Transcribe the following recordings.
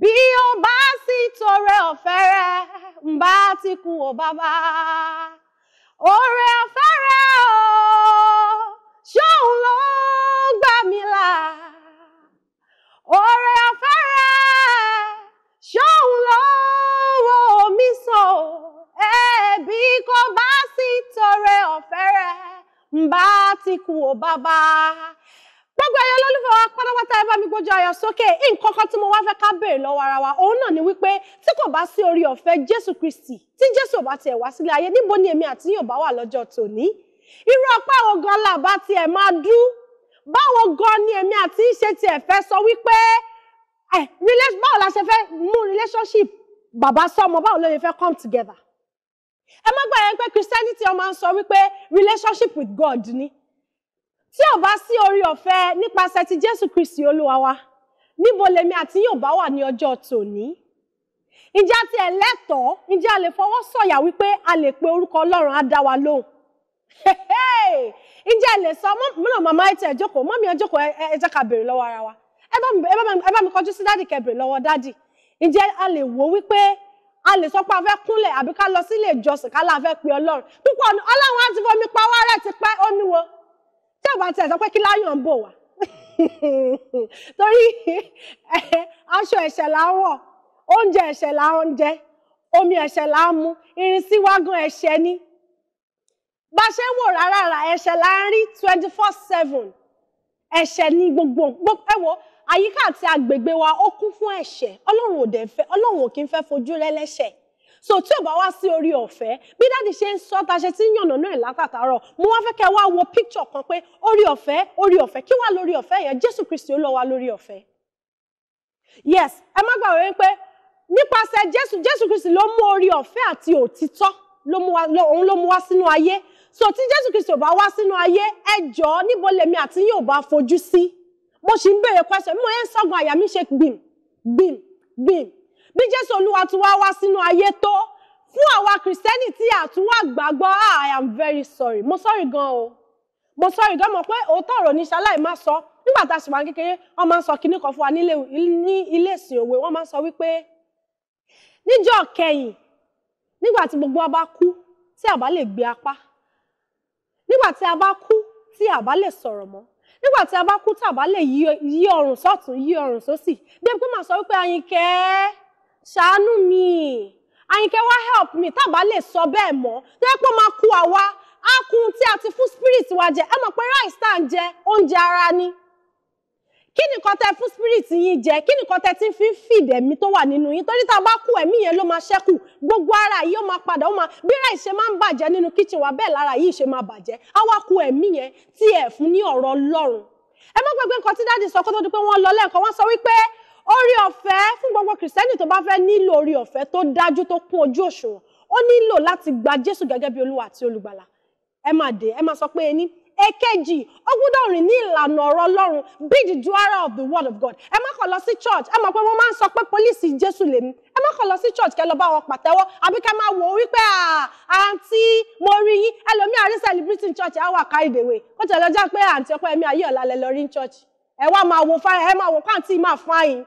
bí ó bá sì tọrẹ ọ̀fẹ́ rẹ ń bá ti kú o bàbá oore ọ̀fẹ́ rẹ o ṣóun ló gbà mí là oore ọ̀fẹ́ rẹ ṣóun ló wò mí sàn ẹbí kò bá sì tọrẹ ọ̀fẹ́ rẹ ń bá ti kú o bàbá. gbogbo ẹyọ lólùfẹ́ wa pátápátá ẹ bá mi gbójú ayọ̀ sókè nǹkan kan tí mo wá fẹ́ ká béèrè lọ́wọ́ ara wa òun náà ni wípé tí kò bá sí orí ọ̀fẹ́ Jésù Kristi tí Jésù ò bá tiẹ̀ wá sílé ayé níbo ni èmi àti yóò bá wà lọ́jọ́ tòní irú ọpẹ́ àwọn gan la bá tiẹ̀ máa dú báwo gan ni èmi àti ṣe tiẹ̀ fẹ́ sọ wípé báwo la ṣe fẹ́ mú relationship bàbá sọmọ báwo ló lè fẹ́ come together ẹ má gbà yẹn pé Christianity ọmọ ń sọ wípé relationship with God ni tí ò bá sí orí ọ̀fẹ́ nípasẹ̀ ti jésù kristi olúwa wa níbo lèmi àti yóò bá wà ní ọjọ́ tòní ǹjẹ́ àti ẹlẹ́tọ̀ọ́ ǹjẹ́ a lè fọwọ́ sọ̀yà wípé a lè pe orúkọ ọlọ́run á dá wa lóhùn ǹjẹ́ ẹ lè sọ múnà màmá ẹ tẹ ẹ jókòó mọ́mí ẹ jókòó ẹ jẹ́ ká béèrè lọ́wọ́ ara wa ẹ bá mi kọjú sí dádì kẹ́ béèrè dádì ǹjẹ́ a lè wò wípé a lè sọ pé a fẹ́ kúnlẹ̀ àbí ká lọ sílé ìjọsìn ká láà fẹ́ pe ọlọ́run púpọ̀ ọlọ́run á ti bá tiẹ̀ sọ pé kí láyọ̀ ń bò wá torí aṣọ ẹ̀ṣẹ̀ là oúnjẹ ẹ̀ṣẹ̀ là ń omi ẹ̀ṣẹ̀ là ń mu irinṣẹ́ wágán ẹ̀ṣẹ̀ ni bá ṣe ń wò rárá rà ẹ̀ṣẹ̀ là twenty four seven ẹ̀ṣẹ̀ ni gbogbo ẹ wo àyíká àti agbègbè wa ó kún fún ẹ̀ṣẹ̀ ọlọ́run ò dẹ̀ fẹ́ ọlọ́run ò kí ń fẹ́ fojú rẹ lẹ́ṣẹ̀ẹ́ so tí ò bá wá sí orí ọ̀fẹ́ bí dáàdì ṣe ń sọ taṣe tí ń yànnà náà látàtàrọ̀ mo wá fẹ́ kẹ́ wá wo picture kan pé orí ọ̀fẹ́ orí ọ̀fẹ́ kí wá lórí ọ̀fẹ́ yẹn Jésù Kristi ló wá lórí ọ̀fẹ́ yes ẹ má Jesus Jesus nípasẹ̀ Jésù Jésù Kristi ló mú orí ọ̀fẹ́ àti òtítọ́ òun ló mú wá sínú ayé so tí Jésù Kristi ò bá wá sínú ayé ẹ jọ̀ọ́ níbo lèmi àti yín ò bá fojú sí mo sì ń béèrè question mo yẹn ń sọgbọn àyà mi ṣe gbìm gbìm gbìm bí jésù olúwa tún wá wá sínú ayé tó fún àwa kìrìsìtẹ́nì tí àtúwà gbàgbọ́ ah, i am very sorry mo sorry, gan o mo sọ́rí gan mọ̀ pé òótọ́ ọ̀rọ̀ ní ṣaláì má sọ nígbà tá a sì wà kékeré wọ́n máa ń sọ kinní kan fún wa ní ilé ìsìn òwe wọ́n máa ń sọ wípé níjọ́ kẹyìn nígbà tí gbogbo wa bá kú tí a bá lè gbé apá nígbà tí a bá kú tí a lè sọ̀rọ̀ mọ́ nígbà tí a bá kú tí a lè yí ọrùn sọ́tún yí ọrùn sósì bí ẹgbẹ́ máa sọ wípé ayin kẹ́ẹ́ ṣàánú mi àyìnkẹ́ wá help me tábà lè sọ bẹ́ẹ̀ mọ́ tó yẹ pé ó máa àwa á kun tí a ti fún spirit wa jẹ ẹ mọ̀ pé rice tá à ń jẹ oúnjẹ ara ni kí ni kan tẹ fún spirit yín jẹ kí ni kan tẹ ti fi ń feed ẹ̀mí tó wà nínú yín torí tá a bá kú ẹ̀mí yẹn ló máa ṣẹ́kù gbogbo ara yìí ó máa padà ó máa bí rice ṣe máa ń bàjẹ́ nínú kitchen wa bẹ́ẹ̀ lára yìí ṣe máa bàjẹ́ á wá ku ẹ̀mí yẹn tí ẹ fún ní ọ̀rọ̀ Ọlọ́run ẹ má gbàgbé nǹkan tí dáàdì sọ kó tó di pé wọ́n lọ lẹ́ẹ̀kan wọ́n sọ wípé orí ọ̀fẹ́ fún gbogbo kìrìsìtẹ́nì tó bá fẹ́ nílò orí ọ̀fẹ́ tó dájú tó kún ojú òṣùwọ̀n ó nílò láti gba Jésù gẹ́gẹ́ bí olúwa àti olùgbàlà ẹ máa dé ẹ máa sọ pé ẹni èkejì ó gbọ́dọ̀ rìn ní ìlànà ọ̀rọ̀ Ọlọ́run be the doer of the word of God ẹ má kàn lọ sí church ẹ mọ̀ pé wọ́n máa ń sọ pé pólísì Jésù lèmi ẹ má kàn lọ sí church kẹ́ lọ bá wọn pàtẹ́wọ́ àbí kẹ́ máa wò ó wípé àǹtí mo rí yín ẹlòmíì àrí celebrity in church ẹ wà carried away kó tẹ̀lé ọjọ́ pé àǹtí ọpẹ́ ẹ̀mí ayé ọ̀la lẹ lọ rí in church ẹ wá máa wo fáyín ẹ máa wo pàǹtí máa fáyín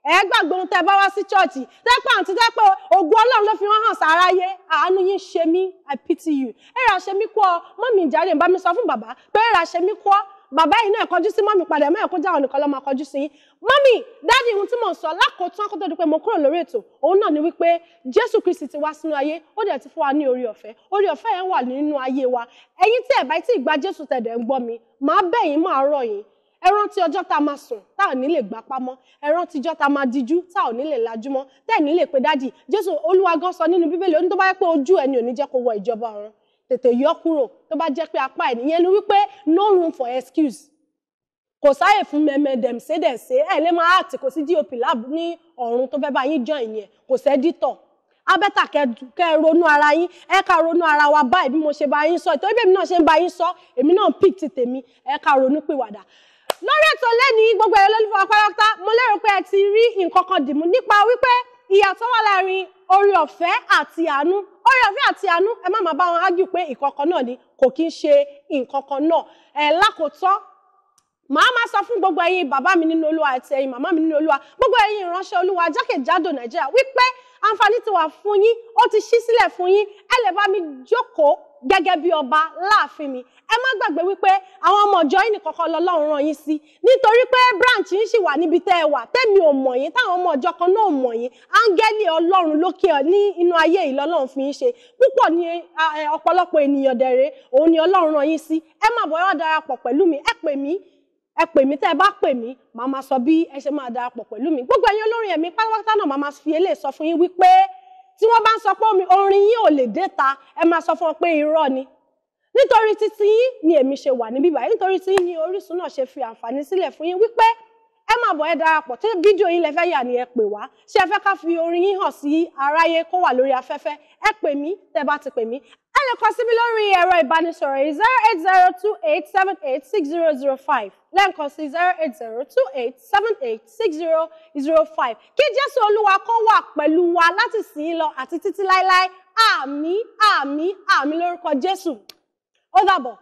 ẹ gbàgbọ́ ohun tẹ́ bá wá sí chọ́ọ̀chì tẹ́pẹ́ àǹtí tẹ́pẹ́ ògùn ọlọ́run ló fi wọ́n hàn sáráyé àánú yín ṣe mí i pity you ẹ ra ṣe mí kú ọ mọ́mì ìjàre bá mi sọ fún bàbá pé ẹ ra ṣe mí kú ọ bàbá yìí náà kọjú sí mọ́mì padà mẹ́ẹ̀kú jáwọn nìkan ló máa kọjú sí yín mọ́mì dáàdi ohun tí mò ń sọ lákòótán kó tó di pé mo kúrò lórí ètò òun náà ni wípé jésù kristi ti wá sínú ayé ó dẹ̀ ti fún wa ní orí ọ̀fẹ́ orí ọ̀fẹ́ yẹn wà nínú ayé wa ẹ̀yin tí ẹ̀ bá tí ì gba jésù tẹ̀dẹ̀ ń gbọ́ mi màá bẹ̀ yín màá rọ̀ yín ẹ rántí ọjọ́ tá a máa sùn tá ò ní lè gbà pamọ́ ẹ rántí ọjọ́ tá a máa dijú tá ò ní lè lajúmọ́ tá ẹ̀ ní lè pe dádì jésù olúwa gan sọ nínú bíbélì ó ní tó bá yẹ pé ojú ẹni ò ní jẹ́ kó wọ ìjọba ọ̀run tètè yọ kúrò tó bá jẹ́ pé apá ẹ̀ nìyẹn ni wípé no room for excuse kò sáyè fún mẹ́mẹ́ dẹ̀mṣẹ́dẹ̀ṣẹ́ ẹ̀ lè máa act kò sí dop lab ní ọ̀run tó fẹ́ bá yín join yẹn kò sẹ́dítọ̀ abẹ́tà kẹ ronú ara yín ẹ ká ronú ara wa báyìí bí mo ṣe bá yín sọ ìtọ́ ibi èmi náà ṣe ń bá yín sọ èmi náà pick ti tèmi ẹ ká ronú pìwàdà lórí ètò lẹ́ni gbogbo ẹ̀rọ lólùfọ́ apáráta mo lérò pé ẹ ti rí nǹkan kan dìmú nípa wípé ìyàtọ̀ wà láàrin orí ọ̀fẹ́ àti àánú orí ọ̀fẹ́ àti àánú ẹ má máa bá wọn ágì pé ìkọ̀kan náà ni kò kí ń ṣe nǹkan kan náà ẹ lákòótọ́ màá máa sọ fún gbogbo ẹ̀yin bàbá mi nínú olúwa àti ẹ̀yin màmá mi nínú olúwa gbogbo ẹ̀yin ìránṣẹ́ olúwa jákèjádò nàìjíríà wípé àǹfààní ti wà fún yín ó ti ṣí sílẹ̀ fún yín ẹ lè bá mi jókòó gẹ́gẹ́ bí ọba láàfin mi ẹ má gbàgbé wípé àwọn ọmọ ìjọ yìí nìkọ̀kọ̀ lọ́lọ́run rán yín sí nítorí pé branch yín sì wà níbi tẹ́ ẹ wà tẹ́mi ò mọ̀ yín táwọn ọmọ ìjọ kan náà mọ̀ yín áńgẹ́lì ọlọ́run lókè ní inú ayé yìí lọ́lọ́run fi yín ṣe púpọ̀ ní ọ̀pọ̀lọpọ̀ ènìyàn dẹ̀rẹ̀ òun ni ọlọ́run rán yín sí ẹ má bọ̀ ẹ wá darapọ̀ pẹ̀lú mi ẹ pè mí ẹ pè mí tẹ́ ẹ bá pè mí màá máa sọ bí ẹ ṣe máa darapọ̀ pẹ̀lú mi gbogbo ẹ̀yin olórin ẹ̀mí pátápátá náà màá máa fi eléyìí sọ fún yín wípé tí wọ́n bá ń sọ pé orin yín ò lè dé ta ẹ máa sọ fún wọn pé irọ́ ni nítorí títí yín ni èmi ṣe wà níbí báyìí nítorí tí yín ni Orísun náà ṣe fi àǹfààní sílẹ̀ fún yín wípé ẹ máa bọ̀ ẹ darapọ̀ tí fídíò yín lẹ fẹ́ yà ni ẹ pè wá ṣé ẹ fẹ́ ká fi orin yín hàn sí aráyé kó wà lórí afẹ́fẹ́ ẹ pè mí tẹ bá ti pè mí ẹ lè kọ sí lórí ẹ̀rọ ìbánisọ̀rọ̀ yìí zero eight zero two eight seven eight six zero zero five lẹ́ǹkan sí zero eight zero two eight seven eight six zero zero five kí Jésù Olúwa kó wà pẹ̀lú wa láti sìn ín lọ àti títí láéláé àmín àmín àmín lórúkọ Jésù ó dàbọ̀.